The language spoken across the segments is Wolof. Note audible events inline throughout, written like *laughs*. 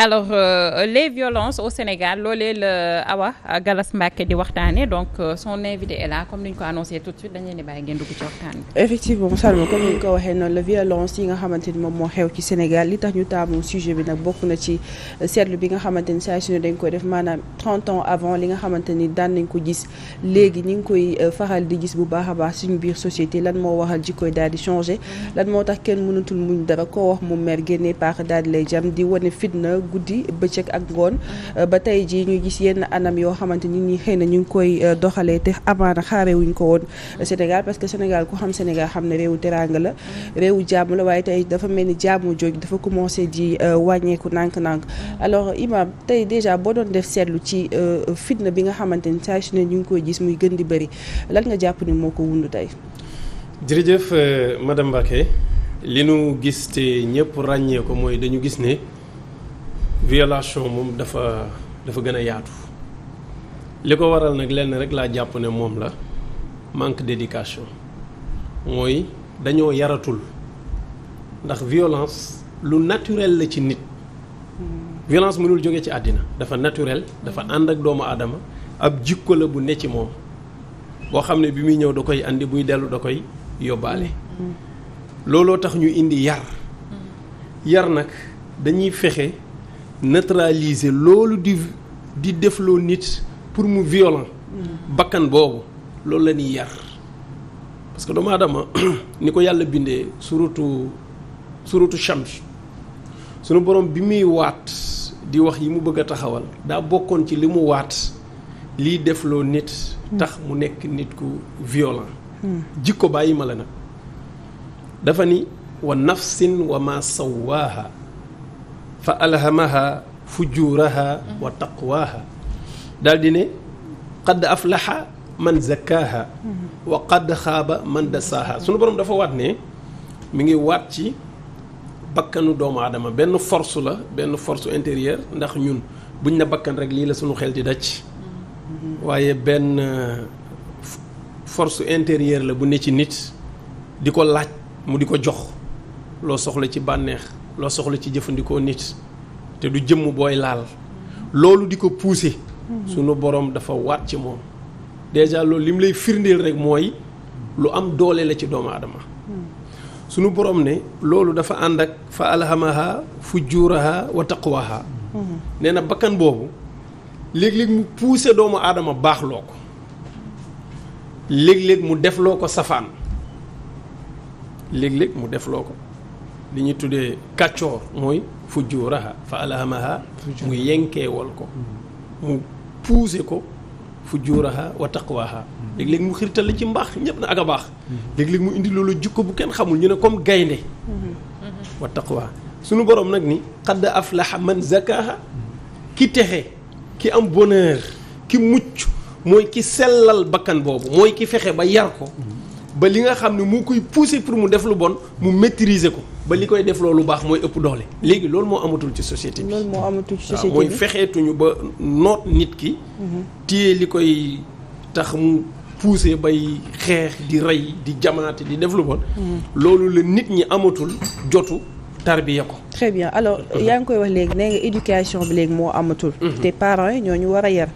alors euh, les violences au Sénégal loolee la euh, Awa Galas Mbacke di waxtaane donc euh, son invité est là comme ni ñu ko annoncé tout de suite dañu leen di bàyyi ngeen dugg ci waxtaan bi. effectivement Salma comme ni ñu ko waxee noonu la violence yi nga xamante ni moom moo xew ci Sénégal li tax ñu taamu sujet bi nag bokk na ci euh, seetlu bi nga xamante ni saa dañ koy def maanaam 30 ans avant li nga xamante ni daan nañ ko gis léegi ñu ngi koy faxal di gis bu baax a baax suñu biir société lan moo waxal jikkoy daal di changé mm-hmm. lan moo tax kenn mënatul muñ dara koo wax mu mer génnee paax daal di lay jam di wane fitna. guddi bëccëg ak ngoon mm-hmm. ba tey jii ñu gis yenn anam yoo xamante nit ñi xëy na ñu ngi koy euh, doxalee te amaana xaare wuñ ko woon mm-hmm. Sénégal parce que Sénégal ku xam Sénégal xam ne réewu teraanga la mm-hmm. réewu jàmm la waaye tey dafa mel ni jàmmu jooj dafa commencé di euh, wàññeeku nànk-nànk alors imam tey déjà boo doon def seetlu ci euh, fitna bi nga xamante ni saa su ne ñu ngi koy gis muy gën di bëri lan nga jàpp ni moo ko wundu tey jërëjëf madame Mbacké li nu gis te ñëpp ràññee mooy dañu gis ne violation moom dafa dafa gën a yaatu li ko waral nag lenn rek laa jàpp ne moom la manque d'éducation mooy dañoo yaratul ndax violence lu naturel la ci nit violence mënul jóge ci àddina dafa naturel dafa ànd ak doomu aadama ab jikko la bu ne ci moom boo xam ne bi muy ñëw da koy andi buy dellu da koy yóbbaale mm. looloo tax ñu indi yar mm. yar nag dañuy fexe neutraliser loolu di di defloo nit pour mu violent bakkan boobu loolu la ñuy yar parce que doomu *clears throat* ni ko yàlla bindee suratu suratu Shams sunu borom bi muy waat di wax yi mu bëgg a taxawal daa bokkoon ci li mu waat liy defloo nit tax mu nekk nit ku violent jikko bàyyi ma la nag dafa ni wa nafsin wa ma sawaaha fa alhamaha fujuraha wa taqwaha daldi di ne qad aflaha man zakkaaha wa qad xaaba man dasaaha sunu borom dafa waat ne mu ngi waat ci bakkanu doomu aadama benn force la benn force intérieure ndax ñun buñ ne bakkan rek lii la suñu xel di daj waaye benn euh, force intérieure la bu ne ci nit di ko laaj mu di ko jox loo soxla ci bànneex loo soxla ci jëfandikoo nit te du jëmm booy laal loolu di ko pousser sunu borom dafa waat ci moom déjà loolu lim lay firndeel rek mooy lu am doole la ci doomu adama sunu borom ne loolu dafa ànd ak fa alhamaha fujuraha wa taqwaha nee na bakkan boobu léeg-léeg mu pousser doomu aadama baax loo ko léeg-léeg mu def loo ko safaan léeg-léeg mu def loo ko li ñu tuddee kàccoor mooy fu fujjuuraha fa alhamaha mu yenkeewal ko mu puuse ko fujjuuraha wa taqwaha mm. léeg-léeg mu xirtal la ci mbaax ñëpp na ak a baax mm. léeg-léeg mu indi loolu jukko bu kenn xamul ñu ne comme gaynde mm-hmm. wa taqwa suñu borom nag ni qad aflaha man zakaha mm. ki texe ki am bonheur ki mucc mooy ki sellal bakkan boobu mooy ki fexe ba yar ko ba li nga xam ne moo koy pousser pour mu def lu bon mu maîtriser ko ba li koy def loolu baax mooy ëpp doole léegi loolu moo amatul ci société bi. loolu moo amatul ci société bi mooy fexeetuñu ba noot nit ki. Mhm. téye li koy tax mu poussé bay xeex di rey di jamaate di def lu mhm. loolu la nit ñi amatul jotu tarbiya ko. très bien alors yaa ngi koy wax léegi nee nga éducation bi léegi moo amatul. Mhm. te parent yi ñoo ñu war a yar.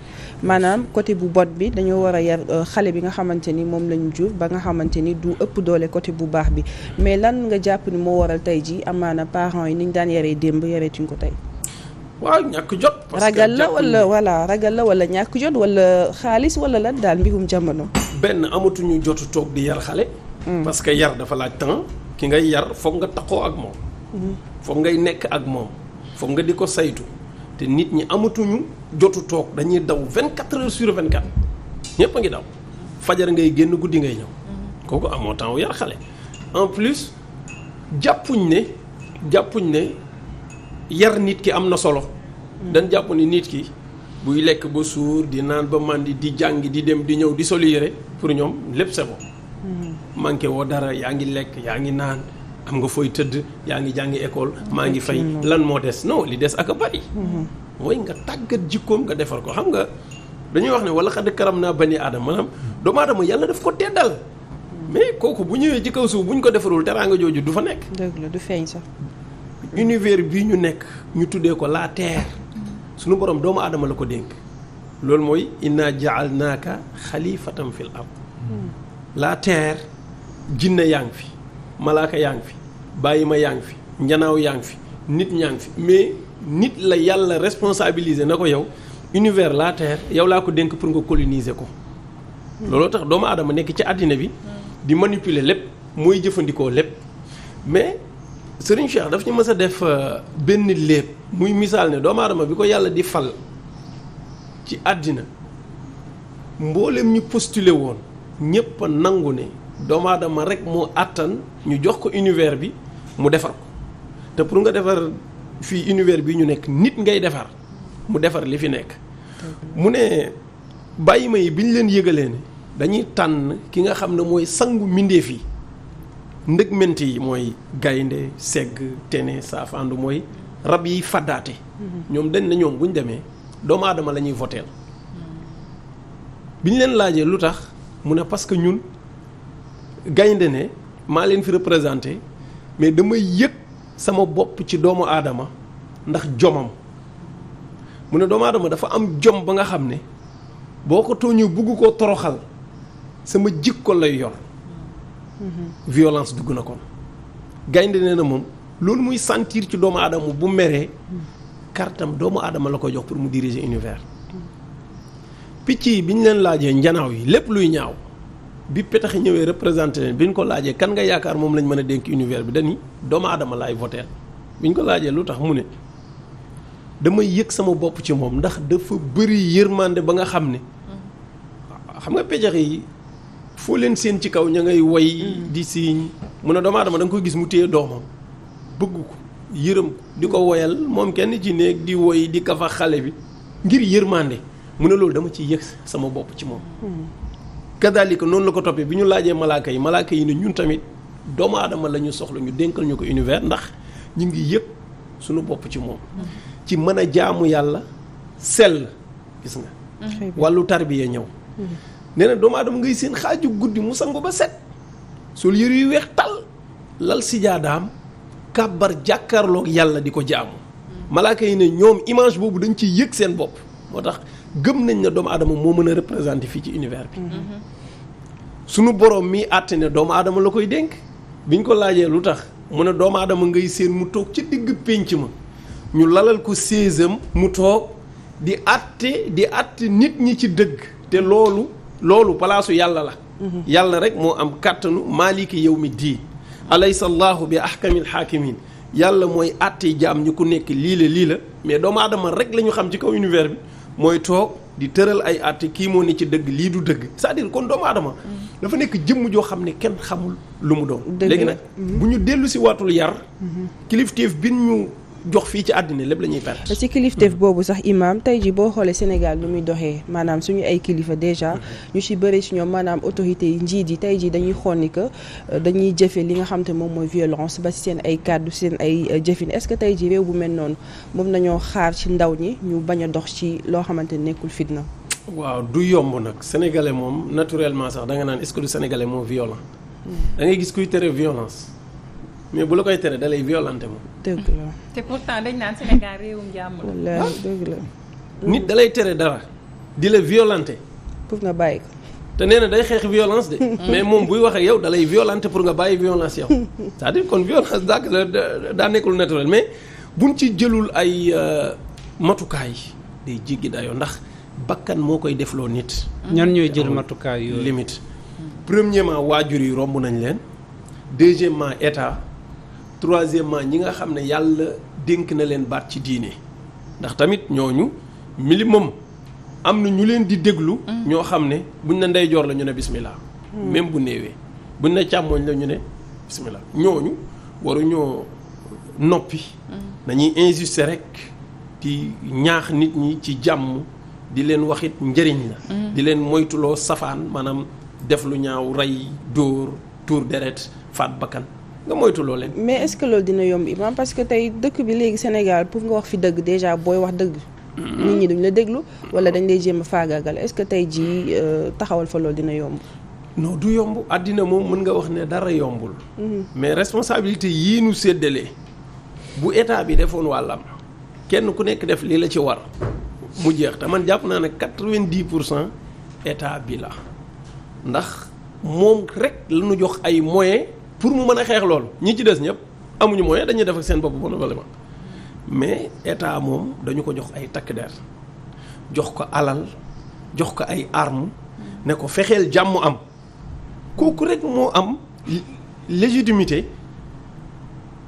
maanaam côté bu bot bi dañoo war a yar euh, xale bi nga xamante ni moom la ñu jur ba nga xamante ni du ëpp doole côté bu baax bi mais lan nga jàpp ni moo waral tey ji amaana parent yi ni niñ daan yaree démb tuñ ko tey. waaw ñàkk jot. ragal la wala voilà ragal la wala ñàkk jot wala xaalis wala lan daal mbirum jamono. benn amatuñu jotu toog di yar xale. Hmm. parce que yar dafa laaj temps ki ngay yar foog nga taxoo ak moom. foog ngay nekk ak moom foog nga di ko saytu te nit ñi amatuñu jotu toog dañuy daw vingt quatre heures sur vingt quatre ñëpp a ngi daw fajar ngay génn guddi ngay ñëw mm-hmm. kooku amoon temps wu yar xale en plus jàppuñ ne jàppuñ ne yar nit ki am na solo mm-hmm. dañ jàpp ni nit ki buy lekk ba suur di naan ba màndi di jàng di dem di ñëw di sol yére pour ñoom lépp c'est bon mm-hmm. manqué woo dara yaa ngi lekk yaa ngi naan am nga fooy tëdd yaa ngi jàngi école maa ngi fay lan moo des non li des ak a bari mhm. mooy nga tàggat jikkoom nga defar ko xam nga dañuy wax ne wala xad karam naa bani aadama maanaam doomu aadama yàlla def ko teddal mais kooku bu ñëwee ci kaw suuf bu ñu ko defarul teraanga jooju du fa nekk dëgg la du feeñ sax univers bii ñu nekk ñu tuddee ko laa terre sunu borom doomu aadama la ko dénk loolu mooy inna jaalnaaka xalifatan fil ard hmm. la terre jinne yaa ngi fi malaaka yaa fi bàyyi ma yaa fi njanaaw yaa fi nit ñaa ngi fi mais nit la yàlla responsabiliser na ko yow univers la terre yow laa ko dénk pour nga coloniser ko looloo tax doomu aadama nekk ci àddina bi di manipuler lépp mooy jëfandikoo lépp mais Serigne Cheikh daf ñu mës a def euh, benn léeb muy misaal ne doomu adama bi ko yàlla di fal ci àddina mboolem ñu postuler woon ñëpp a nangu ne doomu aadama rek moo àttan ñu jox ko univers bi mu defar ko te pour nga defar fii univers bi ñu nekk nit ngay defar mu defar li fi nekk. mu ne bàyyi ma yi bi ñu leen yëgalee ne dañuy tànn ki nga xam ne mooy sangu mbindeef yi ndëgment yi mooy gaynde segg tene saafaandu mooy rab yi faddaate. Mm-hmm. ñoom dañ na ñoom bu ñu demee doomaadama aadama la ñuy voteel bi ñu leen laajee lu tax mu ne parce que ñun. gaynde ne maa leen fi représenté mais dama yëg sama bopp ci doomu aadama ndax jomam mu ne doomu aadama dafa am jom ba nga xam ne boo ko tooñoo bugg ko toroxal sama jikko lay yor violence dugg na kon gaynde ne na moom loolu muy santiir ci doomu aadama bu meree kartam doomu aadama la ko jox pour mu diriger univers picc yi bi ñu leen laajee njanaaw yi lépp luy ñaaw bi petax ñëwee représenté leen bi ñu ko laajee kan nga yaakaar moom lañ mën a dénk univers bi dañuy doomu aadama laay voteel bi ñu ko laajee lu tax mu ne damay yëg sama bopp ci moom ndax dafa bëri yërmande ba nga xam ne xam nga pejax yi foo leen seen ci kaw ña ngay woy di siiñ mu ne doomu aadama da nga koy gis mu téye doomam bëgg ko yërëm ko di ko woyal moom kenn ci néeg di woy di kafa xale bi ngir yërmande mu ne loolu dama ci yëg sama bopp ci moom kadalika noonu la ko toppee bi ñu laajee malaaka yi malaaka yi ne ñun tamit doomu aadama la ñu soxla ñu dénkal ñu ko univers ndax ñu ngi yëg suñu bopp ci moom ci mën a jaamu yàlla sell gis nga wàllu tarbiya ñëw nee na doomu aadama ngay seen xaaju guddi mu sangu ba set sol yére yu weex tàll lal sijaadaam kàbbar jàkkaarloog yàlla di ko jaamu mm. malaaka yi ne ñoom image boobu dañ ci yëg seen bopp moo tax gëm nañ ne doomu aadama moo mën a représenté fii ci univers bi. sunu borom mi àtte ne doomu aadama la koy denk biñ ko laajee lu tax mu ne doomu adama ngay séen mu toog ci digg pénc ma ñu lalal ko séesam mu toog di àtte di àtte nit ñi ci dëgg te loolu loolu palaasu yàlla la. yàlla rek moo am kàttanu maaliki yow mi diin. alaysa allahu bi ahkamil xaakimin yàlla mooy àtte jaam ñu ku nekk lii la lii la mais doomu adama rek la ñu xam ci kaw univers bi. mooy toog di tëral ay àtte kii moo ni ci dëgg lii du dëgg cest à kon doomu aadama dafa nekk jëmm joo xam ne kenn xamul lu mu doon léegi nag bu ñu dellu si waatul yar mm-hmm. kilifteef bin ñu jox fii ci àddina lépp la ñuy perte. ci kilifteef boobu sax imam tey ji boo xoolee Sénégal nu muy doxee maanaam suñu ay kilifa déjà ñu ci bëri ci ñoom maanaam autorité yi njiit yi tey ji dañuy xool ni euh, dañuy jëfe li nga xam te moom mooy violence ba ci seen ay kàddu seen ay euh, jëfin est-ce que tey ji réew bu mel noonu moom nañoo xaar ci ndaw ñi ñu bañ a dox ci loo xamante nekkul fitna. waaw du yomb nag sénégalais moom naturellement sax da nga naan est-ce que du sénégalais moo violent. da ngay gis kuy tere mais bu la koy teree dalay lay violenté moom. dëgg la te pourtant dañ naan Sénégal réewum jàmm la. wallaahi ah. la. nit da lay tere dara di la violenté. pour nga bàyyi ko. te nee na day xeex violence de. *laughs* mais moom buy wax ak yow da pour nga bàyyi violence yow. cest à kon violence daa daa nekkul naturel mais buñ ci jëlul ay euh, matukaay day jéggi dayoo ndax bakkan moo koy defloo nit. ñan ñooy jël matukaay yooyu limite. premièrement waajur yi romb nañ leen deuxièmement état. troisièmement ñi nga xam ne yàlla dénk na leen baat ci diine ndax tamit ñooñu minimum am na ñu leen di déglu. Mm. ñoo xam ne buñ na ndeyjoor la ñu ne bismillah. Mm. même bu néewee buñ na càmmooñ la ñu ne bismillah ñooñu waruñoo noppi. Mm. nañuy insister rek di ñaax nit ñi ci jàmm di leen waxit njëriñ la. di leen moytuloo safaan maanaam def lu ñaaw rey dóor tuur deret faat bakkan. nga moytuloo leen. mais est que loolu dina yomb imam parce que tey dëkk bi léegi Sénégal pour nga wax fi dëgg déjà booy wax dëgg. Mm-hmm. nit ñi duñ la déglu. wala dañ lay jéem faagaagal est-ce que tey jii euh, taxawal fa loolu dina yomb. non du yomb àddina moom mën nga wax ne dara yombul. Mm-hmm. mais responsabilité yii nu séddale bu état bi defoon wàllam kenn ku nekk def lii la ci war mu jeex te man jàpp naa ne quatre-vingt-dix pour cent état bi la ndax moom rek la ñu jox ay moyens. pour mu mën a xeex loolu ñi ci des ñëpp amuñu moyen dañuy def ak seen bopp renouvellement mais état moom dañu ko jox ay takk der jox ko alal jox ko ay arme ne ko fexeel jàmm am kooku rek moo am légitimité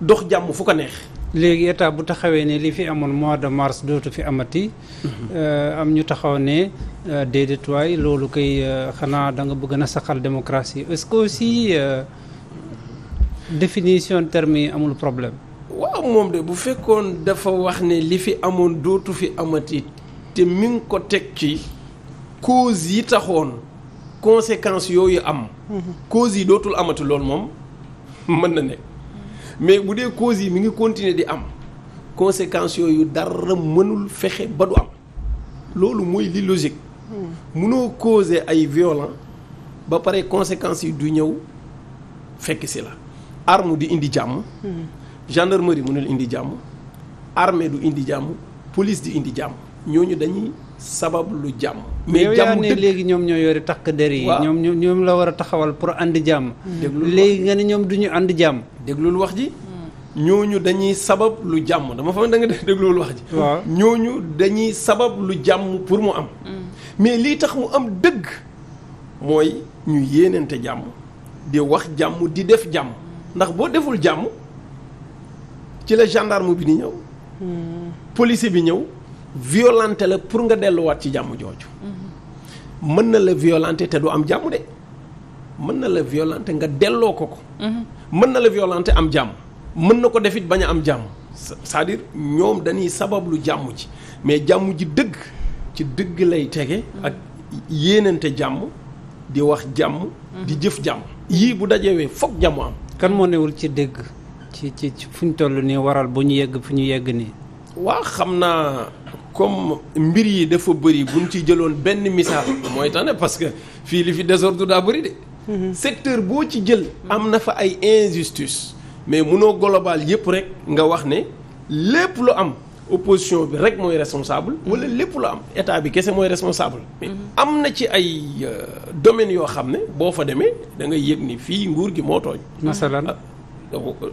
dox jàmm fu ko neex. léegi état bu taxawee ne li fi amoon mois de mars dootu fi amati. Euh, am ñu taxaw ne euh, déedéet waay loolu kay euh, xanaa da nga bëgg na saxal démocratie est-ce que aussi. Euh, définition terme yi amul problème. waaw moom de bu fekkoon dafa wax ne li fi amoon dootu fi amati te mi ngi ko teg ci causes yi taxoon conséquences yooyu am. causes yi dootul amati loolu moom mën na ne mais bu dee causes yi mi ngi continuer di am conséquences yooyu dara mënul fexe ba du am loolu mooy li logique. mënoo causer ay violents ba pare conséquences yi du ñëw fekk si la. arme di indi jàmm gendarmerie mënul indi jàmm armée du indi jàmm police di indi jàmm ñooñu dañuy sabab lu jàmm mais jàmm ne léegi ñoom ñoo yore takk der yi ñoom ñoom la war a taxawal pour ànd jàmm déglul ñoom du ñu ànd jàmm déglul wax ji ñooñu dañuy sabab lu jàmm dama fa da nga dégluwul wax ji waaw ñooñu dañuy sabab lu jàmm pour mu am mm. mais lii tax mu am dëgg mooy ñu yéenante jàmm di wax jàmm di def jàmm ndax boo deful jàmm ci la gendarme bi di ñëw. policier bi ñëw violante la pour nga delluwaat ci jàmm jooju. mën na la violenté te du am jàmm de mën na la violante nga delloo ko ko. mën na la violenté am jàmm. mën na ko def it bañ a am jàmm. cest à ñoom dañuy sabablu jàmm ci mais jàmm ji dëgg ci dëgg lay tege. ak yéenante jàmm di wax jàmm. di jëf jàmm. yii bu dajewee foog jàmm am. kan moo newul ci dégg ci ci fu ñu toll nii waral bu ñu yegg fu ñu yegg nii. waa xam naa comme mbir yi dafa bëri bu ñu ci jëloon benn misaal mooy tane parce que fii li fi désordre daa bëri de. Mhm. secteur boo ci jël. am na fa ay injustice mais munoo global yëpp rek nga wax ne lépp lu am. opposition bi rek mooy responsable. wala lépp lu am état bi kese mooy responsable. mais mhm. am na ci ay euh, domaines yoo xam ne boo fa demee da ngay yëg ni fii nguur gi moo tooñ. masalan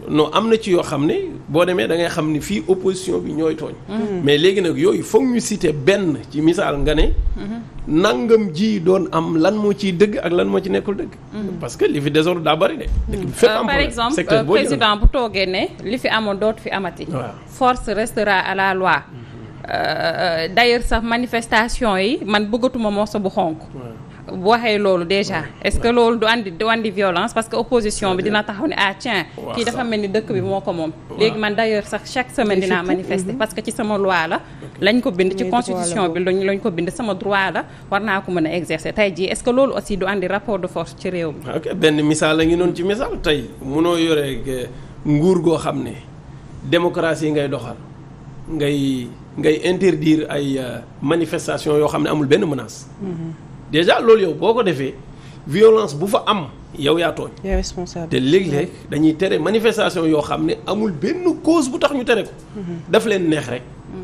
non am na ci yoo xam ne boo demee da ngay xam ni fii opposition bi ñooy tooñ. Mm-hmm. mais léegi nag yooyu foog ñu citer benn ci misaal nga ne. Mm-hmm. nangam ji doon am lan moo ciy dëgg ak lan moo ci nekkul dëgg. Mm-hmm. parce que li fi désordre daa bari de. Euh, par exemple euh, président bu toogee ne li fi amoon dootu fi amati. force restera à la loi. Euh, d'ailleurs sax manifestation yi man bëggatuma morceau bu xonk. bu waxee loolu déjà est-ce que loolu du andi du andi violence parce que opposition bi dina taxaw ne ah kii dafa mel ni dëkk bi moo ko moom léegi man d'ailleurs sax chaque semaine dinaa manifester mhm. parce que ci sama loi la lañ ko bind ci constitution bi lañ lañ ko bind sama droit la war naa ko mën a exercer tey jii est-ce que loolu aussi du andi rapport de force ci réew mi ok benn misaal la ngi noonu ci misaal tey munoo yore eh, nguur goo xam ne démocratie ngay doxal ngay ngay interdire ay euh, manifestation yoo xam ne amul benn menace mhm. déjà loolu yow boo ko defee violence bu fa am yow yaa tooñ. yaa responsable te léeg-léeg dañuy tere manifestation yoo xam ne amul benn cause bu tax ñu tere ko. Mhm. daf leen neex rek. Mhm.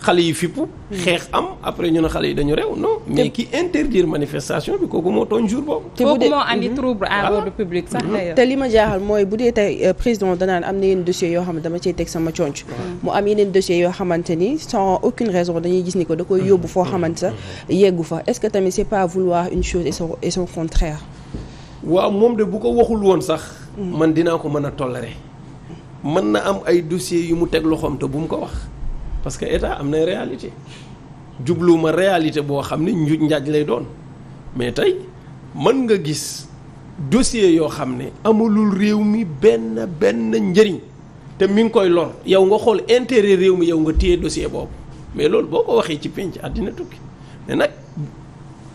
xale yi fippu xeex am après ñu ne xale yi dañu rew non mais ki interdire manifestation bi kooku moo tooñ jour boobu te kooku moo andi mhm. trouble à mhm. te li ma jaaxal mooy bu dee tey euh, président danaan am na yeneen dossiers yoo xam ne dama cey teg sama conc mhm. mu am yeneen dossiers yoo xamante ni sans aucune raison dañuy gis ni ko da koy yóbbu foo xamante sa yeggu fa est-ce que tamit c'est pas vouloir une chose et son et son contraire waaw moom de bu ko waxul woon sax man dinaa ko mën a tolérer mën na am ay dossiers yu mu teg loxoom te bu mu ko wax parce que état am na réalité jubluwuma réalité boo xam ne njuuj njaaj lay doon mais tey mën nga gis dossier yoo xam ne amulul réew mi benn benn njëriñ te mi ngi koy lool yow nga xool intére réew mi yow nga téye dossier boobu mais loolu boo ko waxee ci pénc àddina tukki mais nag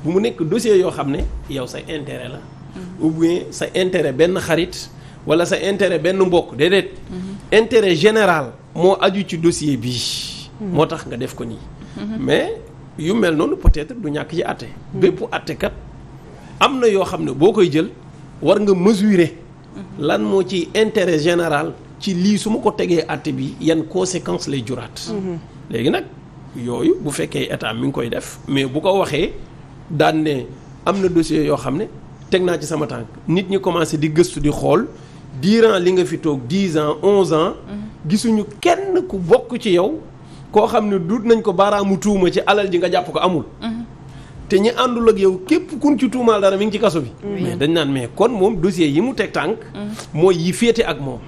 bu mu nekk dossier yoo xam ne yow sa intérêt la mm-hmm. ou bien sa intérêt benn xarit wala sa intérêt benn mbokk déedéet mm-hmm. intérêt général moo aju ci dossier bii moo tax nga def ko nii. mais yu mel noonu peut-être du ñàkk ci àtte. bépp àttekat am na yoo xam ne boo koy jël war nga mesurer. lan moo ci intérêt général ci lii su ma ko tegee àtte bi yan conséquences lay juraat. léegi nag yooyu bu fekkee état mi ngi koy def mais bu ko waxee daan ne am na dossier yoo xam ne teg naa ci sama tànk nit ñi commencé di gëstu di xool durant li nga fi toog 10 ans 11 ans. gisuñu kenn ku bokk ci yow. koo xam ne duut nañ ko baaraamu tuuma ci alal ji nga jàpp ko amul. te ñi àndul ak yow képp kun ci tuumaal dara mi ngi ci kaso bi. mais dañ naan mais kon moom dossier yi mu teg tànk. Mm-hmm. mooy yi féete ak moom.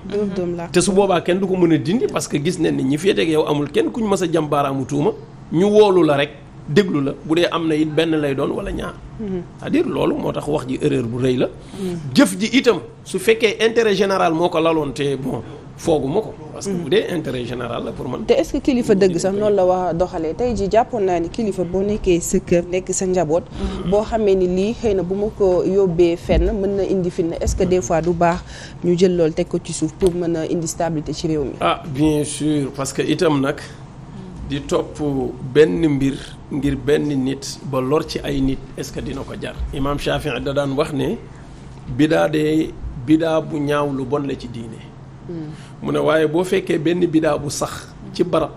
te su boobaa kenn du ko mën a dindi parce que gis nañ ne ñi féete ak yow amul kenn kuñ mës a jam baaraamu tuuma ñu woolu la rek déglu la bu dee am na it benn lay doon wala ñaar. Mm-hmm. cest loolu moo tax wax ji erreur bu rëy la. Mm-hmm. jëf ji itam su fekkee intérêt général moo ko laloon te fooguma ko. parce que bu dee intérêt général la pour man. te est kilifa dëgg sax noonu la wax doxalee tey jii jàppoon naa ni kilifa boo nekkee sa nekk sa njaboot. Mhm. boo xamee ni lii xëy na bu ma ko yóbbee fenn mën na indi fitna est-ce que des fois du baax ñu jël loolu teg ko ci suuf pour mën a indi stabilité ci réew mi. ah bien sûr parce que itam nag. di topp benn mbir ngir benn nit ba lor ci ay nit est-ce que dina ko jar. imaam Shafii da daan wax ne. bidaa dee bidaa bu ñaaw lu bon la ci diine. Hmm. mu ne waaye boo fekkee benn biddaa bu sax ci barab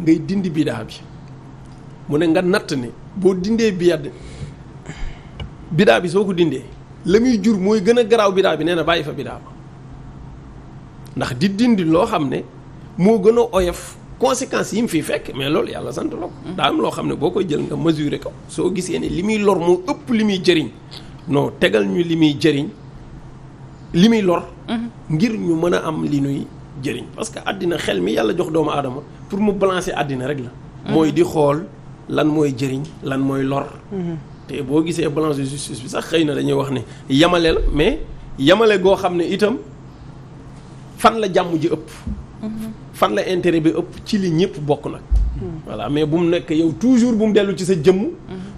ngay dindi bidaa bi mu ne nga natt ne boo dindee bi biyad bidaa bi soo ko dindee la muy jur mooy gën a garaaw bidaa bi nee na bàyyi fa bidaa ba ndax di dindi loo xam ne moo gën a oyof conséquences yi mu fiy fekk mais loolu yàlla sant la mm. daa am loo xam ne boo koy jël nga mesurer ko soo gisee ne li muy lor moo ëpp li muy jëriñ noo tegal ñu li muy jëriñ li muy lor mm-hmm. ngir ñu mën a am li nuy jëriñ parce que àddina xel mi yàlla jox doomu aadama pour mu balancer àddina rek la. mooy di xool lan mooy jëriñ lan mooy lor. Mm-hmm. te boo gisee balance de justice bi sax xëy na dañuy wax ni yamale la mais yamale goo xam ne itam fan la jàmm ji ëpp. Mm-hmm. fan la intérêt bi ëpp ci li ñëpp bokk nag. Mm-hmm. voilà mais bu mu nekk yow toujours bu mu dellu ci sa jëmm.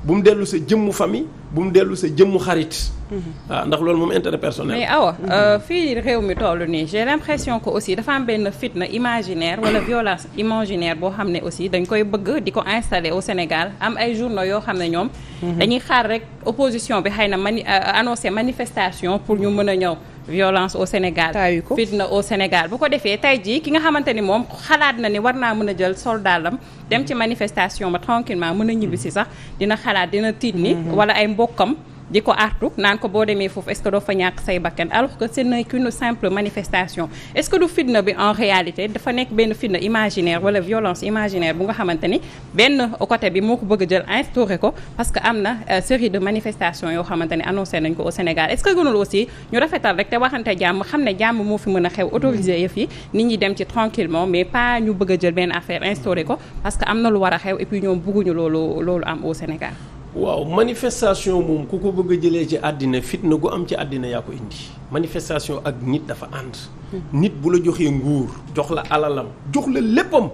bu mu dellu sa jëmmu famille bu mu dellu sa jëmmu xarit. waaw mhm. ah, ndax loolu moom intérêt personnel. mais awa mhm. euh, fii réew mi toll nii j'ai l'impression ko aussi dafa am benn fitna imaginaire wala violence imaginaire boo xam ne aussi dañ koy bëgg di ko installer au Sénégal am ay journaux yoo xam ne ñoom. Mhm. dañuy xaar rek opposition bi xëy na mani euh, annoncé manifestation pour ñu mën a ñëw. violence au Sénégal fitna au Sénégal bu ko defee tey jii ki nga xamante ni moom xalaat na ni war naa mën a jël soldaalam dem ci manifestation ma tranquillement mën a ñibbi si sax dina xalaat dina tiit ni mhm. wala ay mbokkam di ko artu naan ko boo demee foofu est-ce que doo fa ñàkk say bakkan alors que ce n'est qu'une simple manifestation est-ce que du fitna bi en réalité dafa nekk benn fitna imaginaire wala violence imaginaire bu nga xamante ni benn côté bi moo ko bëgg jël instauré ko parce que am na euh, série de manifestations yoo xamante ni annoncé nañ ko au Sénégal est-ce que gënul aussi ñu rafetal rek te waxante jàmm xam ne jàmm moo fi mën a xew autorisé yëf yi nit ñi dem ci tranquillement mais pas ñu bëgg a benn affaire instauré ko parce que am na lu war a xew bëgguñu loolu loolu am au Sénégal waaw manifestation moom ku ko bëgg a jëlee ci àddina fitna gu am ci àddina yaa ko indi manifestation ak nit dafa ànd hmm. nit bu la joxee nguur jox la alalam jox la léppam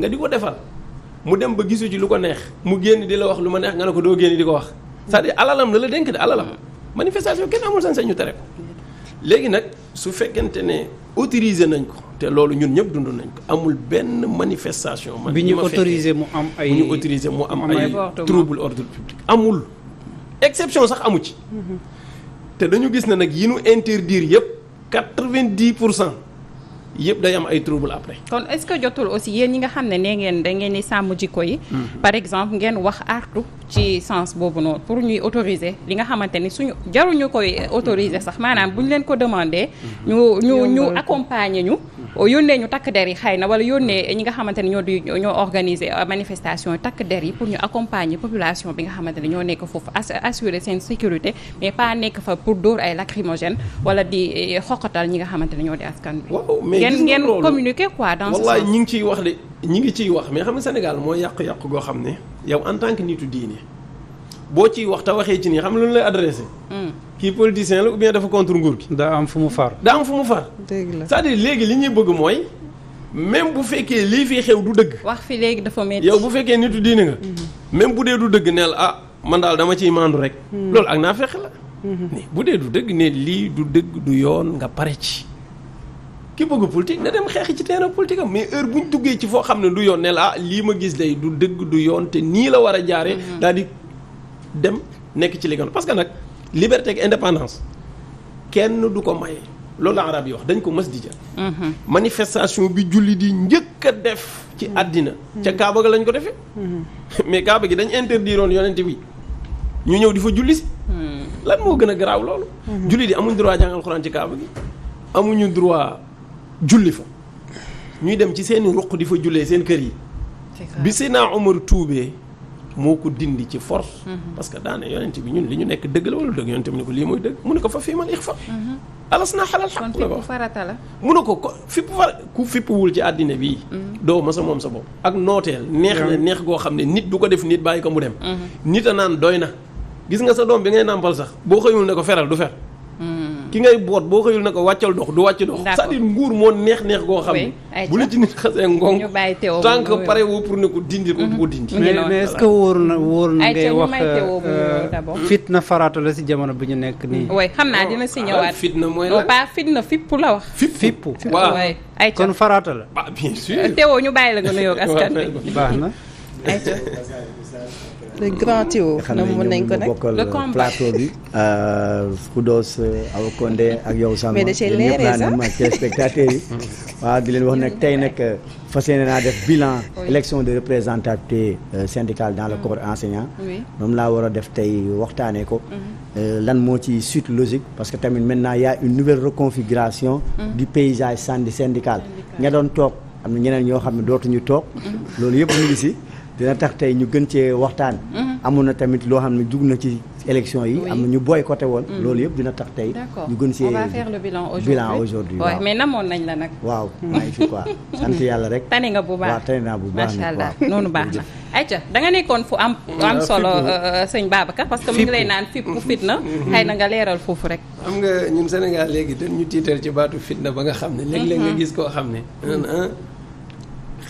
nga di ko defal mu dem ba gisu ci lu ko neex mu génn di la wax lu ma neex nga ne ko doo génn di ko wax c'est-à-dire alalam la la dénk de alalam hmm. manifestation kenn amul sañ-sañ ñu tere ko léegi nag su fekkente ne autoriser nañ ko te loolu ñun ñëpp dund nañ ko amul benn manifestation. man bi ñu autoriser mu am ay ñu autorisé mu am ay trouble ordre public amul exception sax amu ci. Mhm. te dañu gis ne nag yi ñu interdire yëpp quatre-vingt-dix pour cent. yëpp day am ay trouble après. kon est-ce que jotul aussi yéen ñi nga xam ne nee ngeen da ngeen di sàmm jikko yi. Mhm. par exemple ngeen wax artu ci sens boobu noonu pour ñuy autoriser li nga xamante ni suñu jaruñu koy autoriser sax maanaam bu ñu leen ko demander. ñu ñu ñu accompagner ñu. yónnee ñu takk der yi xëy na wala yónnee ñi nga xamante ni ñoo di ñoo organiser euh, manifestation takk der yi pour ñu accompagner population bi nga xamante ni ñoo nekk foofu assurer seen sécurité mais pas nekk fa pour dóor ay lacrymogène wala di euh, xoqatal ñi nga xamante ni ñoo di askan bi. waaw mais communiquer quoi dans ce sens. ñi ngi ciy wax mais xam nga Sénégal moo yàqu-yàqu goo xam ne yow en tant que nitu diine boo ciy wax te waxee ci nii xam lu ñu lay adressé. Hmm. kii politicien la ou bien dafa contre nguur gi. daa am fu mu far. daa fu mu far. dëgg la cest léegi li ñuy bëgg mooy même bu fekkee lii fi xew du dëgg. wax fi léegi dafa métti. yow bu fekkee nitu diine nga. Hmm. même bu dee du dëgg neel ah man daal dama ciy maandu rek. Hmm. loolu ak naa fexe la. bu dee du dëgg nee lii du dëgg du yoon nga pare ci. ki bëgg politique na dem xeexi ci terrain politique am mais heure bu ñu duggee ci foo xam ne du yoon ne la ah, lii ma gis day du dëgg du yoon te nii la war a jaaree. Mm-hmm. daal di dem nekk ci li nga parce que nag liberté ak indépendance kenn du ko may loolu la arab yi wax dañ ko mës di jël. Mm-hmm. manifestation bi julli di njëkk a def. ci mm-hmm. àddina ca Kaaba ga lañ ko defee. mais Kaaba gi dañ interdiroon yonent bi ñu ñëw di fa julli si. lan moo gën a garaaw loolu. julli di amuñ droit jàngal Alxuraan ci amuñu droit. julli fa ñuy dem ci seeni ruq di fa jullee seen kër yi bi Seydina Omar tuubee moo ko dindi ci force mm-hmm. parce que daana yonent bi ñun li ñu nekk dëgg la wala dëgg yonent ne ko lii mooy dëgg mu ne ko fa fii man ixfa mm-hmm. alas naa xalal la mu ne ko ko fipp fara ku fippuwul ci àddina bii mm-hmm. doo ma sa moom sa bopp ak nooteel neex na neex goo xam ne nit du ko def nit bàyyi ko mu dem nit a naan doy na gis nga sa doom bi ngay nàmpal sax boo xëyul ne ko feral du fer ki ngay boot boo xëyul na ko wàccal dox du wàcc dox c'est-à-dire nguur moo neex neex goo xam ne bu la ci nit xasee ngong tant que pare woo pour ne ko dindi ko du ko dindi mm-hmm. mais est-ce na wóor euh, la si jamono bi ñu nekk nii waaye xam naa dina si ah, ñëwaat ah, fitna mooy la pas fitna fipp la wax fipp waaw ay kon farata la bien ñu bàyyi la nga nuyoo *laughs* askan bi baax na le grand Théo. na mun nañ ko nag euh, plateau bi. Khoudos *laughs* euh, euh, Awa Condé ak yow Samba. mais da cee leeree sax ñëpp spectateurs yi. *laughs* waaw di leen wax nag tey nag fa yéene naa def bilan. élection de représentativité syndicale dans le mm. corps enseignant. moom laa war a def tey waxtaanee ko. Mm-hmm. lan moo ci suite logique. parce que tamit maintenant y a une nouvelle reconfiguration. Mm. du paysage syndical. ña doon toog am na ñeneen ñoo xam ne dootuñu toog. Mm-hmm. loolu yëpp ñu ngi si. dina tax tey ñu gën cee waxtaan. Mm-hmm. amoon na tamit loo xam ne jug na ci élection yi. am na ñu boycotté woon. Mm-hmm. loolu yëpp dina tax tey. ñu gën cee on va faire le bilan aujourd'hui mais namoon nañ la nag. waaw maa ngi yàlla rek. tane nga bu baax waaw tane naa bu baax. macha allah noonu baax na. ayca da nga nekkoon fu am. solo euh, euh, sañ baabaka parce que mu ngi lay naan fipp fitna. Mm-hmm. xëy na nga leeral foofu rek. xam nga ñun Sénégal léegi dañ ñu tiital ci baatu fitna ba nga xam ne. léeg-léeg nga gis koo xam ne.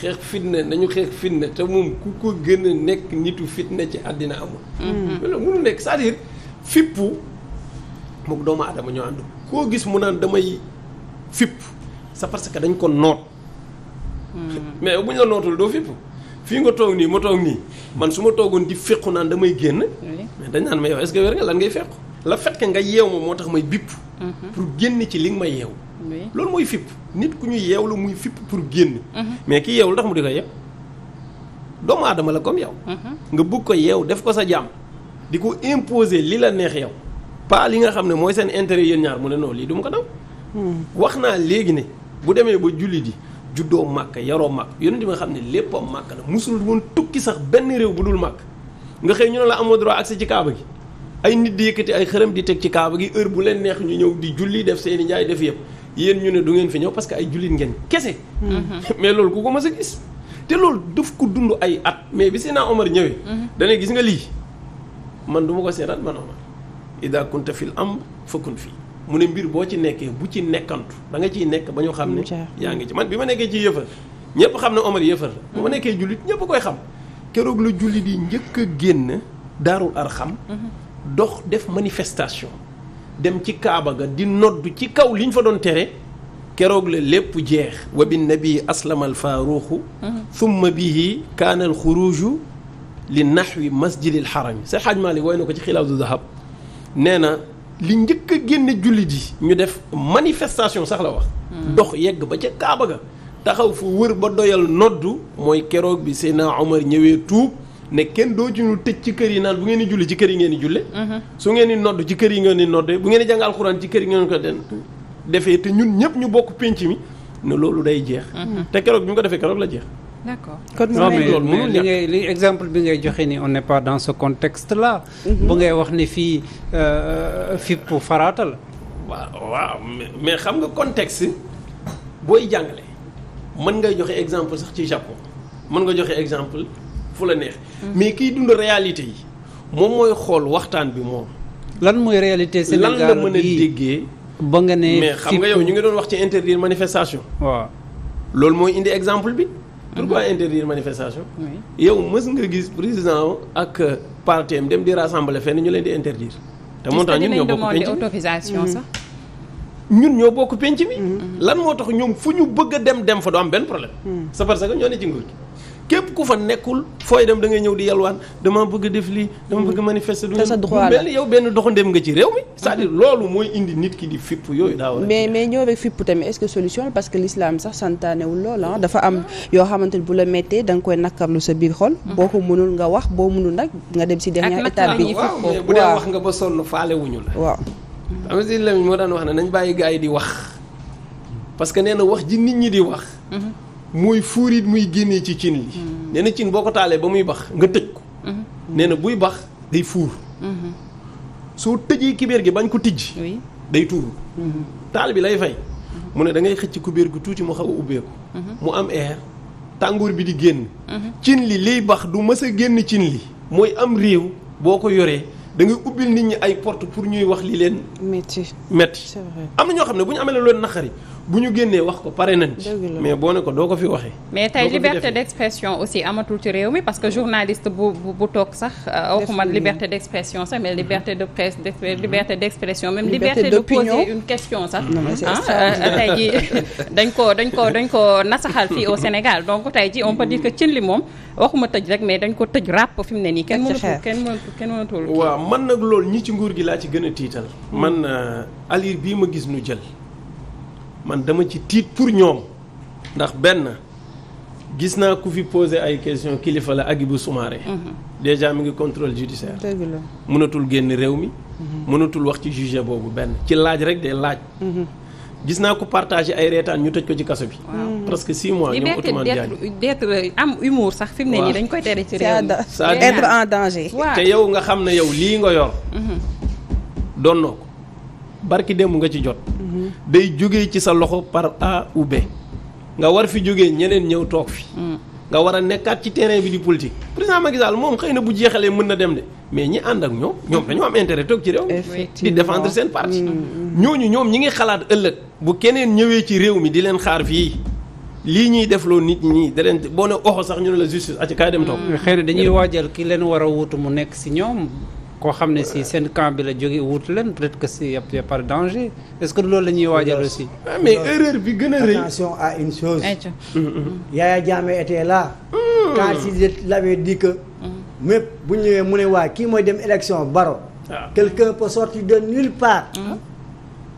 xeex fitna nañu xeex fitna te moom ku ko gën a nekk nitu fitna ci àddina amul. Mm-hmm. loolu nekk c'est-à-dire fippu mook doomu aadama ñoo ànd koo gis mu naan damay fipp c'est parce que dañ ko noot. Mm-hmm. mais bu ñu la nootul doo fipp fii nga toog nii ma toog nii man su ma toogoon di fequ naan damay génn. mais dañ naan ma yow est nga lan ngay fequ la fekk nga yeew ma moo tax may bipp. Mm-hmm. pour génn ci li nga ma yeew. loolu mooy fipp nit ku ñu yeew la muy fipp pour génn. Mhm. mais ki yeew lu mu di ko yeew doomu aadama la comme yow. Mhm. nga bëgg ko yeew def ko sa jàmm. di ko imposer li la neex yow. pas li nga xam ne mooy seen intérêt yéen ñaar mu ne noonu lii du ko daw. Hmm. wax naa léegi ne bu demee ba julli di juddoo màkk yaroo màkk yonent bi nga xam ne léppam màkk la musul woon tukki sax benn réew bu dul màkk nga xëy ñu ne la amoo droit accès ci kaaba gi. ay nit di yëkkati ay xërëm di teg ci kaaba gi heure bu leen neex ñu ñëw di julli def seeni njaay def yëpp yéen ñu ne du ngeen fi ñëw parce que ay jullit ngeen kese. Mhm. mais loolu ku ko mës a gis. te loolu daf ko dund ay at mais bi Seydina Omar ñëwee. Mhm. dana gis nga lii man du ko seetaan man Omar. ida kunta fil am fakkun fii mu ne mbir boo ci nekkee bu ci nekkantu da nga ciy nekk ba ñu xam ne. yaa ngi ci man bi ma nekkee ci yëfër ñëpp xam ne Omar yëfër la. ma mhm. nekkee jullit ñëpp koy xam. keroog la jullit yi njëkk a génn daarul arxam dox def manifestation. dem ci kaaba ga di nodd ci kaw li ñu fa doon tere keroog la lépp jeex wa bi nabii aslama al faaruuxu thumma bihi kaana al xuruuju li naxwi masjidil xarami sa xaaj Maalik woy na ko ci xilaaw du dahab nee na li njëkk a génne jullit yi ñu def manifestation sax la wax dox yegg ba ca kaaba ga taxaw fu wër ba doyal noddu mooy keroog bi Seydina Omar ñëwee tuub ne kenn doo ci ñu tëj ci kër yi naan bu ngeen di julli ci kër yi ngeen di julle mhm. su ngeen di nodd ci kër yi ngeen di nodde bu ngeen di jàng alxuraan ci kër yi ngeen ko den defee te ñun ñëpp ñu bokk pénc mi ne loolu day jeex mhm. te keroog bi ñu ko defee keroog la jeex d'accord kon mais li ngay li exemple bi ngay joxee ni on n'est pas dans ce contexte là mhm. bu ngay wax ni fii euh, euh, fipp farata la waaw mais xam nga contexte booy jàngale mën ngay joxe exemple sax ci Japon mën nga joxe exemple fu la neex. mais kiy dund réalité yi moom mooy xool waxtaan bi moom. lan mooy réalité Sénégal lan la mën a déggee. ba nga ne mais xam nga yow ñu ngi doon wax ci interdire manifestation. waaw loolu mooy indi exemple bi. pourquoi interdire manifestation. yow mës nga gis président ak euh, partem dem di rassembler fenn ñu leen di interdire. te moo tax ñun ñoo bokk penc autorisation mhm. sax. ñun ñoo bokk penc mhm. lan moo tax ñoom fu ñu bëgg a dem dem fa du am benn problème. Mhm. sa parce que ñoo ne ci nguur képp ku fa nekkul fooy dem da ngay ñëw di yalwaan dama bëgg def lii dama bëgg mm. manifester. te sa droit la yow benn doxandéem nga ci réew mi. c'est-à-dire mm-hmm. loolu mooy indi nit ki di fipp yooyu. daa war a mais mais que solution parce que l'islam sax santaanewul lool ah. dafa am yoo xamante ni bu la méttee da nga koy nakkarlu sa biir xol. Mm-hmm. boo ko mënul nga wax boo mënul nag nga dem si dernière étape bi. waaw mais bu dee wax nga ba sonn faale wuñu la. waaw. am na si moo daan wax ne nañ bàyyi gars yi di wax parce que nee na wax ji nit ñi di wax. Mm-hmm. mooy fuurit muy génnee ci cin li nee cin boo ko taalee ba muy bax nga tëj ko mhm. nee na buy bax day fuur mhm. soo tëjee kubéer gi bañ ko tijj day tuur mhm. taal bi lay fay mu ne da ngay xëcc kubéer gu tuuti mu xaw a ubbeeku mu am air tàngoor bi di génn cin li liy bax du mës a génn cin li mooy am réew boo ko yoree dangay ubbil nit ñi ay porte pour ñuy wax li leen metti metti am na ñoo xam ne bu ñu amee leen naqari bu ñu génnee wax ko pare nañ ci mais boo ne ko doo ko fi waxee mais tey liberté d'expression aussi amatul ci réew mi parce que journaliste bu bu toog sax euh, waxuma liberté d'expression sax mais liberté de presse mhm. liberté d'expression même liberté de poser une question sax ah, euh, tey ji *laughs* dañ ko dañ ko dañ ko nasaxal fii au Sénégal donc tey ji on peut dire que cin li moom waxuma tëj rek mais dañ ko tëj ràpp fi mu ne nii kenn mënatul kenn mënatul kenn mënatul waaw man nag loolu ñi ci nguur gi laa ci gën a tiital man euh, alir bii ma gis nu jël man dama ci tiit pour ñoom ndax benn gis naa ku fi posé ay question kilifa la Hadjibou Soumaré mhm. déjà mu ngi contrôle judiciaire mënatul génn réew mi mhm. mënatul wax ci jugé boobu benn ci laaj rek day laaj mhm. gis naa ko partagé ay reetaan ñu tëj ko ci kaso bi. presque 6 mois ñoom Ousmane Diagne d'être am humour sax fi ne nii dañ koy tere ci réew mi. en danger. te yow nga xam ne yow lii nga yor. doon na ko barki démb nga ci jot. bay jógee ci sa loxo par A ou nga war fi jógee ñeneen ñëw toog fi mm. nga war a nekkaat ci terrain bi di politique président Macky Sall moom xëy na bu jeexalee mën na dem de mais ñi ànd ak ñoom ñoom dañoo am intérêt toog ci réew mi di défendre seen parti mm. ñooñu ñoom ñi ngi xalaat ëllëg bu keneen ñëwee ci réew mi di leen xaar fii lii ñuy def loo nit ñi da leen boo ne oxo sax ñu ne la justice a ci kaay dem toog mm. xëy na dañuy waajal ki leen war a wutu mu nekk si ñoom koo xam ne si seen camp bi la joge wut leen peut-être que si y' par danger est-ce que loolu la ñuy waajal aussi. ah mais erreur bi gën a rëy. attention à une chose. Yaya Jammeh était là. Hmm. quand il que. mépp bu ñëwee mu ne waa kii mooy dem élection baro. Ah. quelqu'un peut sortir de nulle part. Hmm.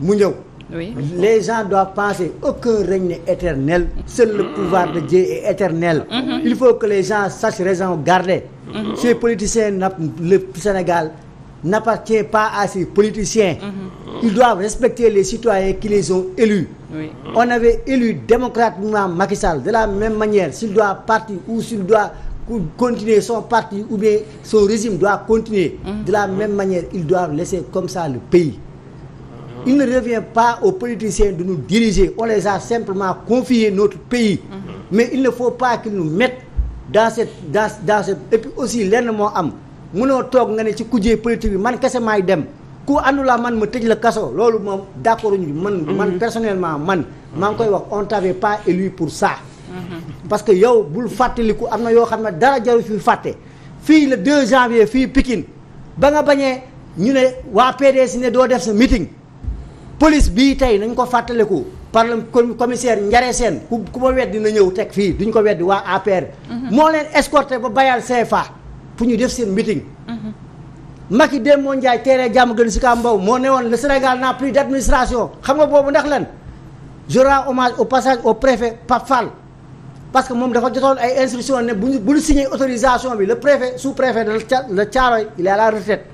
mu ñëw. Oui. les gens doivent penser aucun règne éternel. seul le pouvoir de Dieu est éternel. Hmm. il faut que les gens sachent raison garder. Mm-hmm. ces politiciens na le Sénégal n'appartient pas à ces politiciens. Mm-hmm. ils doivent respecter les citoyens qui les ont élus. on avait élu démocratiquement Macky Sall de la même manière s'il doit partir ou s'il doit continuer son parti ou bien son régime doit continuer. Mm-hmm. de la même manière ils doivent laisser comme ça le pays. il ne revient pas aux politiciens de nous diriger on les a simplement confié notre pays. mais il ne faut pas qu'ils nous dans cette dans dans cette aussi lenn moo am mënoo toog nga ne ci kujjee politique bi man kese maay dem ku àndulaa man ma tëj la kaso loolu moom d'accord uñu man mhm. man personnellement man maa ngi koy wax on t'avait pas élu pour ça mhm. parce que yow bul fàttaliku am na yoo xam ne dara jaru fi fàtte fii le 2 janvier fii pikin ba nga bañee ñu ne waa PDS ne doo def sa meeting police bii tey nañ ko fàttaliku par le commissaire Ndiare Sène ku ku ma weddi na ñëw teg fii duñ ko weddi waa APR. Mhm. moo leen escorté ba bayal CFA pour ñu def seen meeting. Mhm. Macky dem moo Ndiaye teeree jàmm gën si Kambaw moo ne woon le Sénégal n'a plus d' administration xam nga boobu ndax leen je rends hommage au passage au préfet Pape Fall parce que moom dafa jotoon ay instructions ne bu ñu bu ñu signé autorisation bi le préfet sous préfet de la Thiaroye il est à la retraite.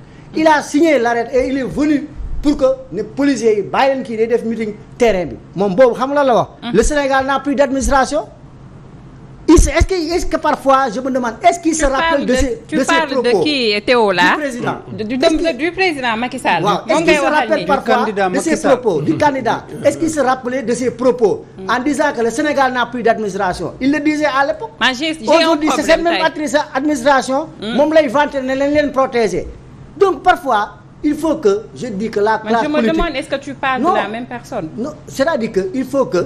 pour que ne policiers yi bàyyi kii day def meeting terrain bi moom boobu xam la la wax. le Sénégal n'a plus d'administration. il se est-ce que est-ce parfois je me demande est-ce qu'il se rappelle de ces de ces propos tu parles de qui Théo là du président du président Macky est-ce qu'il se rappelle de ses propos en disant que le Sénégal n'a plus d'administration. il le disait à l'époque. man j'ai j'ai un problème aujourd'hui c'est cette même administration. moom lay vanter ne leen leen protéger donc parfois. il faut que je dis que la classe politique mais je me demande est-ce que tu que il faut que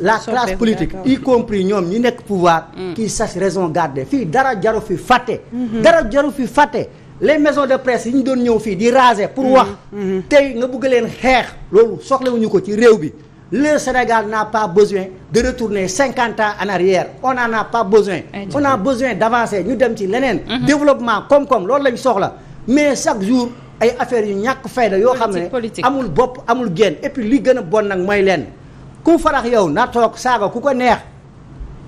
la classe politique y compris ñoom ñi nekk pouvoir. Mm. qui sache raison garder fii dara jaru fi fàtte. Mm-hmm. dara jaru fi fàtte les maisons de presse yi ñu doon ñëw fii di rase pour wax mm-hmm. tey nga bëgg leen xeex loolu soxlewuñu ko ci réew bi. le Sénégal n'a pas besoin de retourner cinquante ans en arrière on n'en a pas besoin eh, on a besoin d'avancer ñu dem ci leneen mm-hmm. développement koom-koom loolu lañ soxla mais chaque jour ay affaires yu ñàkk fayda yoo xam ne amul bopp amul génn et puis li gën a bon nag mooy leen ku farax yow na toog saaga ku ko neex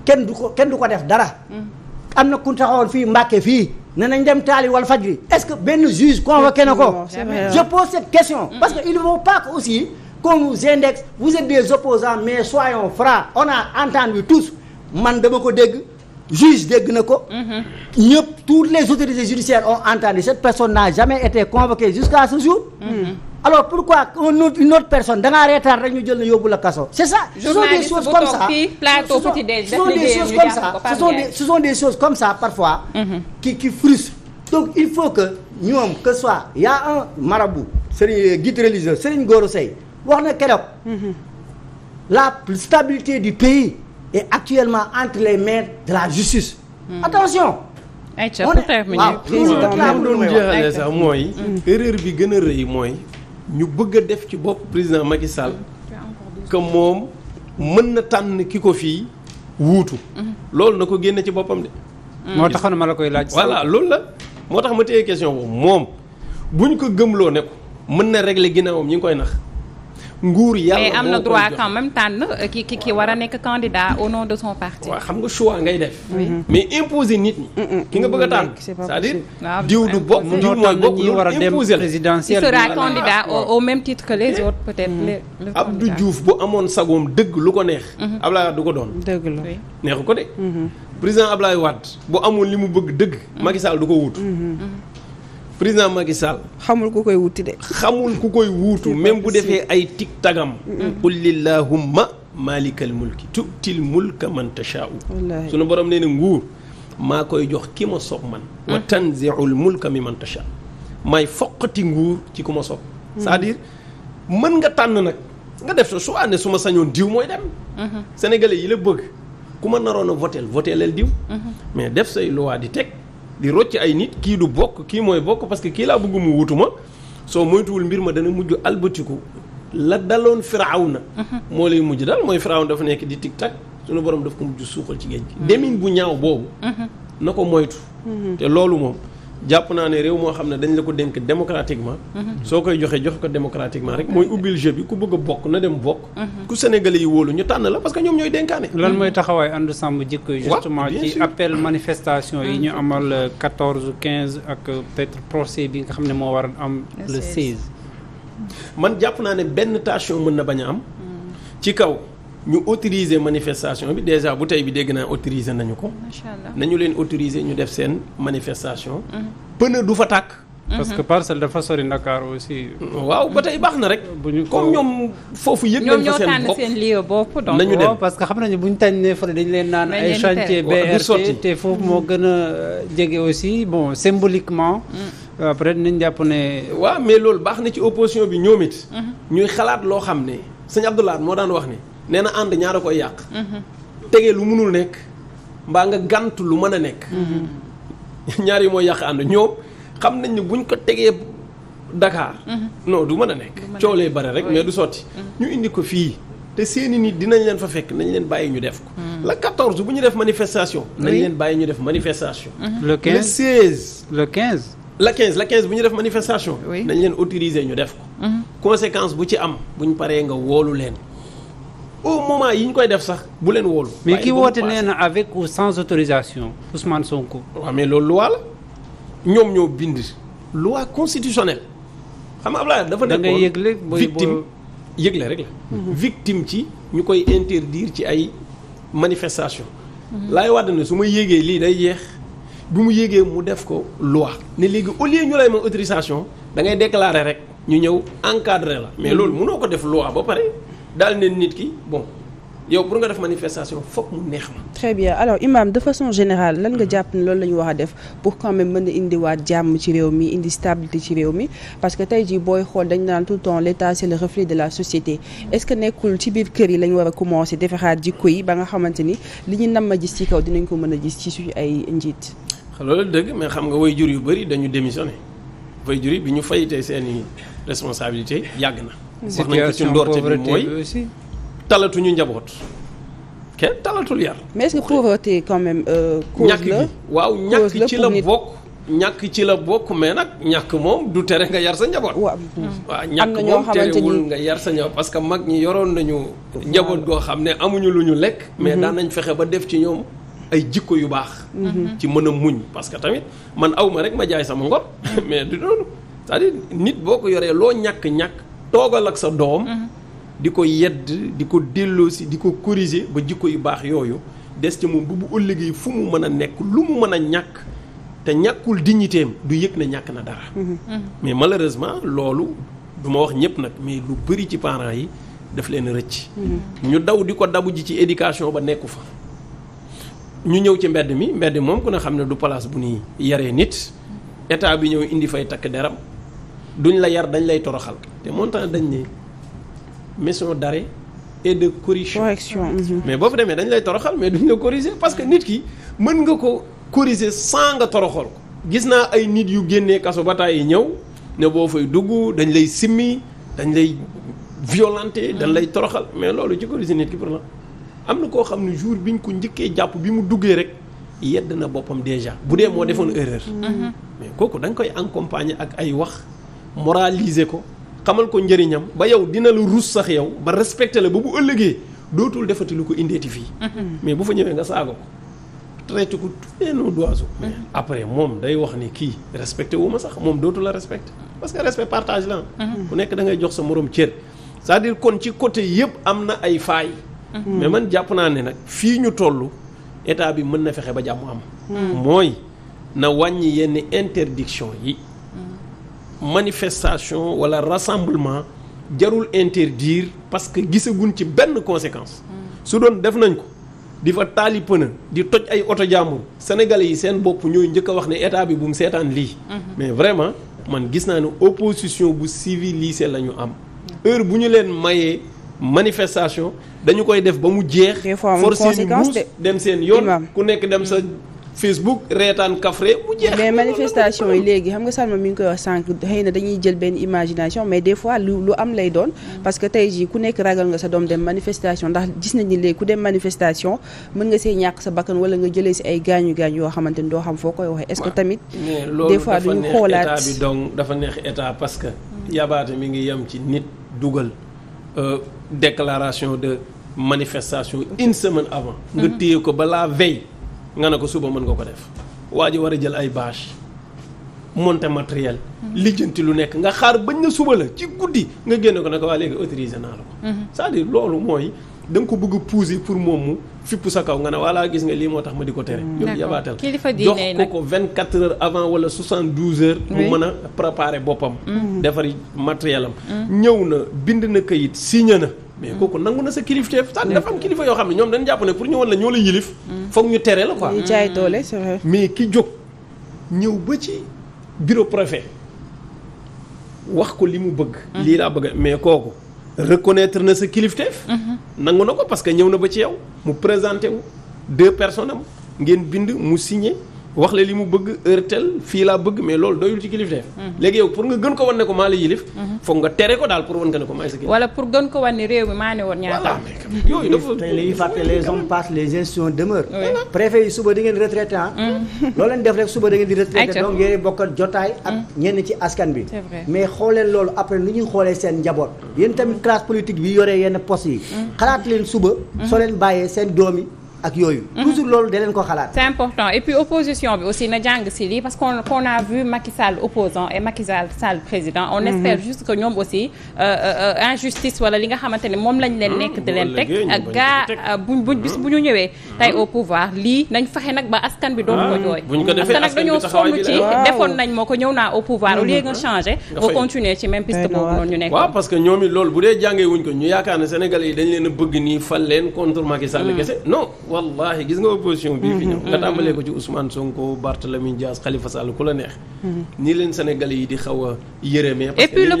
kenn du ko kenn du ko def dara mm. am na ku taxawoon fii Mbàkke fii ne nañ dem taali wal fajri est-ce que benn juge mm. convoqué kenn ko je cette question mm. parce que il faut pas que aussi qu'on nous indexe vous êtes des opposants mais soyons francs on a entendu tous man dama ko dégg juge dégg na ko. Mhm. ñëpp toutes les autorités judiciaires ont entendu cette personne n'a jamais été convoquée jusqu'à ce jour. Mhm. alors pourquoi une autre, personne dangaa retard rek ñu jël na yóbbu la kaso. c'est ça ce ça ce ce sont des choses comme ça parfois. Mhm. qui qui frustrent. donc il faut que ñoom que soit y a un marabout sëriñ euh, guide religieux sëriñ Goro wax na keroog. la stabilité du pays. est actuellement entre maire de la justice. Hmm. attention. ayca pour terminer waaw président laa doon jeexalee sax mooy. Hmm. erreur bi gën a rëy mooy. ñu bëgg a def ci bopp président Macky Sall. que moom mën na tànn ki ko fii wuutu. Hmm. loolu na ko génne ci boppam de. moo taxoon ma la koy laaj. voilà loolu la moo tax ma téye question boobu moom buñ ko gëmloo ne mën na régler ginnaawam ñu ngi koy nax. nguur yàlla mais am na droit quand même tànn euh, ki ki ki war a nekk candidat au non de son parti. waaw xam nga choix ngay def. Mm-hmm. mais imposer nit ki nga bëgg a tànn c'est-à-dire ah, diw du bokk diw mooy bokk loolu war a dem présidentiel. il sera candidat au même titre que les autres peut mm-hmm. bu amoon sagoom dëgg lu ko neex. Mm-hmm. Abdoulaye Wade du ko doon. dëgg la neexu ko de. président Abdoulaye wat bu amoon li mu bëgg dëgg. Macky Sall du ko wut. président Macky Sall. xamul ku koy wuti de. xamul ku koy wuutu même bu defee ay tig tagam. qul lillahumma maalikal mulki tu'til mulka man tashaa'u. wallaahi sunu borom nee na nguur maa koy jox ki ma soob man. Mm. wa tanzi'ul mulka mi man tashaa'u. maay foqati nguur ci ku ma soob. Mm. c'est-à-dire mën nga tànn nag. nga def su àndee su ma sañoon diw mooy dem. Mm-hmm. sénégalais yi la bëgg ku ma naroon a votel voteleel diw. Mm-hmm. mais def say loi di teg. di rocc ay nit kii du bokk kii mooy bokk parce que kii laa bëgg mu wutu ma soo moytuwul mbir ma dana mujj albatiku la daloon na mhm. moo lay mujj daal mooy firawna dafa nekk di tic tac sunu borom daf ko mujj suuxal ci géej gi. Mhm. demin bu ñaaw boobu. Mhm. na ko moytu. te loolu moom. jàpp naa ne réew moo xam ne dañ la ko dénk démocratiquement mhm. soo koy joxee joxe ko démocratiquement rek mooy ubbil jeu bi ku bëgg bokk na dem bokk mhm. ku sénégalais yi wóolu ñu tànn la parce que ñoom ñooy dénkaane lan mooy taxawaay ànd sàmm jikko yi justement ci appel manifestation yi ñu mhm. amal 14 euh, 15 ak euh, peut-être procès bi nga xam ne moo war am le 16 man jàpp naa ne benn tension mën na bañ a am ci kaw ñu autoriser manifestation bi déjà bu tey bi dégg naa autoriser nañu ko. macha allah nañu leen autoriser ñu def seen manifestation. Mhm. pneu du fa tàkk. Mhm. parce que parce parcelle dafa sori Dakar aussi. waaw ba tey baax na rek. comme ñoom foofu yëg nañ fa seen bopp seen lieu bopp. nañu dem oh, parce que xam nañu bu ñu tànnee fële dañu leen naan ay chantier BRT te foofu moo mhm. gën a euh, jege aussi bon symboliquement. après nañ jàpp ne. waaw mais loolu baax na ci opposition bi ñoom it. ñuy xalaat loo xam ne sëñ Abdoulaye moo daan wax ne. nee na ànd ñaara koy yàq. Mm-hmm. tegee lu mënul nekk mbaa nga gàntu lu mën a nekk. Mm-hmm. ñaar yi mooy yàq ànd ñoom xam nañ ne buñ ko tegee dakaar mm-hmm. non du mën a nekk. coow lee bare rek mais du sotti. ñu indi ko fii te seeni nit dinañ leen fa fekk nañ leen bàyyi ñu def ko. la 14 bu ñu def manifestation. nañ leen bàyyi ñu def manifestation. le 15 le le 15. la 15 la quinze bu ñu def manifestation. nañ leen autoriser ñu def ko. conséquence bu ci am bu ñu paree nga woolu leen. au moment yi ñu koy def sax bu leen wóolu. mais ki woote nee na avec ou sans autorisation Ousmane Sonko. waaw mais loolu loi la ñoom ñoo bind. loi constitutionnelle xam nga Abdoulaye dafa nekk. da ngay yëgle victime yëgle rek la. Mhm. victime ci ñu koy interdire ci ay manifestation mhm. laay wàdd ne su ma yéegee lii day jeex bi mu yéegee mu def ko loi ne léegi au lieu ñu lay ma autorisation dangay ngay déclarer rek ñu ñëw encadrer la mais mhm. loolu mënoo ko def loi ba pare. daal ne nit ki bon yow pour nga def manifestation foog mu neex ma. très bien alors imam de façon général lan nga mhm. jàpp ne loolu la ñu war a def pour quand mën indiwaat jàmm ci réew mi indi stabilité ci réew mi parce que tey jii booy xool dañ naan tout le temps l' état reflet de la société est ce que nekkul ci biir kër yi la ñu war a commencé defaraat jikko yi ba nga xamante ni li ñu nam ma gis ci kaw dinañ ko mën a jis ci suñu ay njiit. loolu dëgg mais xam nga way jur yu bëri dañu démissionné way jur yi bi ñu fayitee seen i responsabilité yàgg na. wax nañ ko ci ndoorte bi mooy talatuñu njaboot kenn talatul yar mais est-ce que pauvreté quand même euh, ñàkk gi waaw ñàkk ci la bokk ñàkk ci la bokk mais nag ñàkk moom du tere nga yar sa njaboot waaw ñàkk moom terewul nga yar sa parce que mag ñi yoroon nañu njaboot goo xam ne amuñu lu ñu lekk mais mhm. daan nañ fexe ba def ci ñoom ay jikko yu baax mhm. ci mën a muñ parce que tamit man awma rek ma jaay sama ngor mhm. mais du noonu cest à nit boo ko yoree loo ñàkk-ñàkk toogal ak sa doom. di ko yedd di ko delloosi di ko corriger ba jikko yu baax yooyu des ca moom bu bu ëllëgee fu mu mën a nekk lu mu mën a ñàkk te ñàkkul dignitéem du yëg na ñàkk na dara. Mhm. Mhm. mais malheureusement loolu du ma wax ñëpp nag mais lu bëri ci parents yi daf leen rëcc. Mhm. ñu daw di ko dabu ji ci éducation ba nekku fa. ñu ñëw ci mbedd mi mbedd moom kon a xam ne du place bu nuy yaree nit état bi ñëw indi fay takk deram. duñ la yar dañ lay toroxal te montant dañ ne maison dare et de correction. Mhm. mais boo fa demee dañ lay toroxal mais duñ la corriger parce que nit ki mën nga ko corriger sans nga toroxal ko. gis naa ay nit yu génnee kaso ba taay ñëw ne boo fay dugg dañ lay simmi dañ lay violenter dañ lay toroxal mais loolu ci corriger nit ki pour la am na koo xam ne jour bi biñ ko njëkkee jàpp bi mu duggee rek. yedd na boppam déjà bu dee moo defoon erreur. Mhm. mais kooku da koy accompagner ak ay wax. moraliser ko xamal ko njëriñam ba yow dina la rus sax yow ba respecté la ba bu ëllëgee dootul defati lu ko indeeti fii. Mm-hmm. mais bu fa ñëwee nga saago ko. traité ko tous nos d'oiseaux mm-hmm. mais après moom day wax ni kii respecté wu ma sax moom dootu la respecté parce que respect partage la mm-hmm. ku nekk da jox sa morom cër c'est-à-dire kon ci côté yëpp am na ay failles mais man jàpp naa ne nag fii ñu toll état bi mën na fexe ba jàmm am mooy na wàññi yenn interdiction yi manifestation wala rassemblement jarul interdire parce que gisaguñ ci benn conséquence. su doon def nañ ko di fa taali pëna di toj ay oto jàmbur sénégalais yi seen bopp ñooy njëkk a wax ne état bi bu seetaan lii. Mhm. mais vraiment man gis naa ne opposition bu civilisée la ñu am. heure bu ñu leen mayee manifestation dañu koy def ba mu jeex. forcé ñu muus dem seen yoon ku nekk dem sa. Mm. Facebook reetaan kafre mu jeex. mais manifestation yi léegi xam nga Salma mi ngi koy wax sànq xëy na dañuy jël benn imagination mais des fois lu lu am lay doon. Mm. parce que tey jii ku nekk ragal nga sa doom dem manifestation ndax gis nañ ni léegi ku dem manifestation mën nga see ñàkk sa bakkan wala nga jëlee si ay gaañu gaañ yoo xamante ni doo xam foo koy waxee. est-ce que tamit des fois duñu xoolaat état bi donc dafa neex état parce que. Mm. yabaate mi ngi yem ci nit dugal euh, déclaration de manifestation une semaine avant. nga mm-hmm. ko ba la nga ne ko suba mën nga ko def waa ji war a jël ay bâche monter matériel. Mhm. lijjanti lu nekk nga xaar bañ na suba la ci guddi nga génne ko ne ko waa léegi autorisé naa la ko. Mhm. cest à loolu mooy da ko bëgg a pousser pour moom mu fipp sa kaw nga ne voilà gis nga lii moo tax ma di ko tere. Mhm. yow yabaatal jox ko ko 24 heures avant wala 72 heures. mu mën a préparer boppam. defar matériel am. ñëw na bind na kayit signé na. mais kooku nangu na sa kilifteef tan dafa am kilifa yoo xam ne ñoom dañ jàpp ne pour ñu wan la ñoo la yilif mm. foog ñu tere la quoi jaay doole c'est vrai mm. mais ki jóg ñëw ba ci bureau préfet wax ko li mu bëgg mm. lii laa bëgg mais kooku reconnaître na sa kilifteef mm-hmm. nangu na ko parce que ñëw na ba ci yow mu présenté wu deux personnes ngeen bind mu signé wax la li mu bëgg heure tel fii laa bëgg mais loolu doyul ci kilifteef mhm. léegi yow pour nga gën ko wan ne ko maa la yilif mhm. foog nga tere ko daal pour wan nga ne ko maay sa kilif wala pour gën ko wan ne réew mi maa ne woon ñaata yooyu dafa dañuy fàtte les hommes passent les institutions demeurent préfet yi suba da ngeen retraité ah mhm. leen *laughs* def rek suba da di retraité donc yéen bokk jotaay ak ñenn ci askan bi mais xooleen loolu après lu ñuy xoolee seen njaboot yéen tamit bi yoree yenn poste yi ak yooyu. toujours loolu da leen ko xalaat. c'est important et puis opposition bi aussi na jàng ci lii parce qu'on qu'on a vu Macky Sall opposant et Macky Sall président. on mhm. espère juste que ñoom aussi euh, euh, euh, injustice wala li nga xamante ne moom lañ leen hmm. nekk di leen teg. ak gaa buñ buñ bis hmm. bu ñu ñëwee. Hmm. tey au pouvoir lii nañ fexe nag ba askan bi doon ko jooy. buñ ko defee askan bi taxawaay bi parce que nag dañoo sonn ci defoon nañ moo ko ñëw naa au pouvoir au lieu nga changé. nga fay continuer ci même piste boobu noonu ñu nekk. waaw parce que ñoom it loolu bu dee jàngee wuñ ko ñu yaakaar ne Sénégalais yi dañ leen a bëgg nii fal leen contre Macky Sall kese non wallahi gis nga opposition bii fi ñëw mm-hmm. nga tàmbalee ko ci Ousmane Sonko Barthélemy Dias Khalifa Sall ku la neex mm-hmm. nii leen Sénégalais yi di xaw a yërëmee mm-hmm. na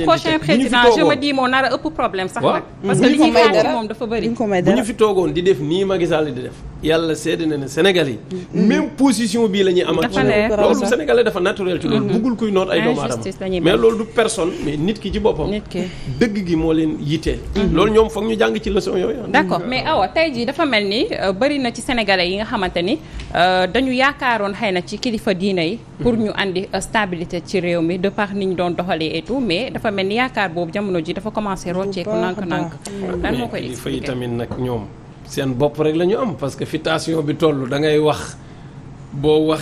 ne Sénégalais yi même position bii la ñuy am ak dafa naturel ci loolu buggul kuy noot ay doomu mais loolu du personne nit ki ci boppam dëgg gi moo leen yitteel loolu ñoom foog ñu jàng ci leçon yooyu d'accord mais awa tey ji dafa mel ni euh, na ci sénégalais yi nga xamante ni euh, dañu yaakaaroon xëy na ci kilifa diine yi. pour ñu andi euh, stabilité ci réew mi de par ni ñu doon doxalee et tout mais dafa mel ni yaakaar boobu jamono ji dafa commencé rocceeku nànk-nànk. lan moo koy expliqué kilifa yi tamit nag ñoom seen bopp rek la ñu am parce que fi bi toll da ngay wax boo waxee.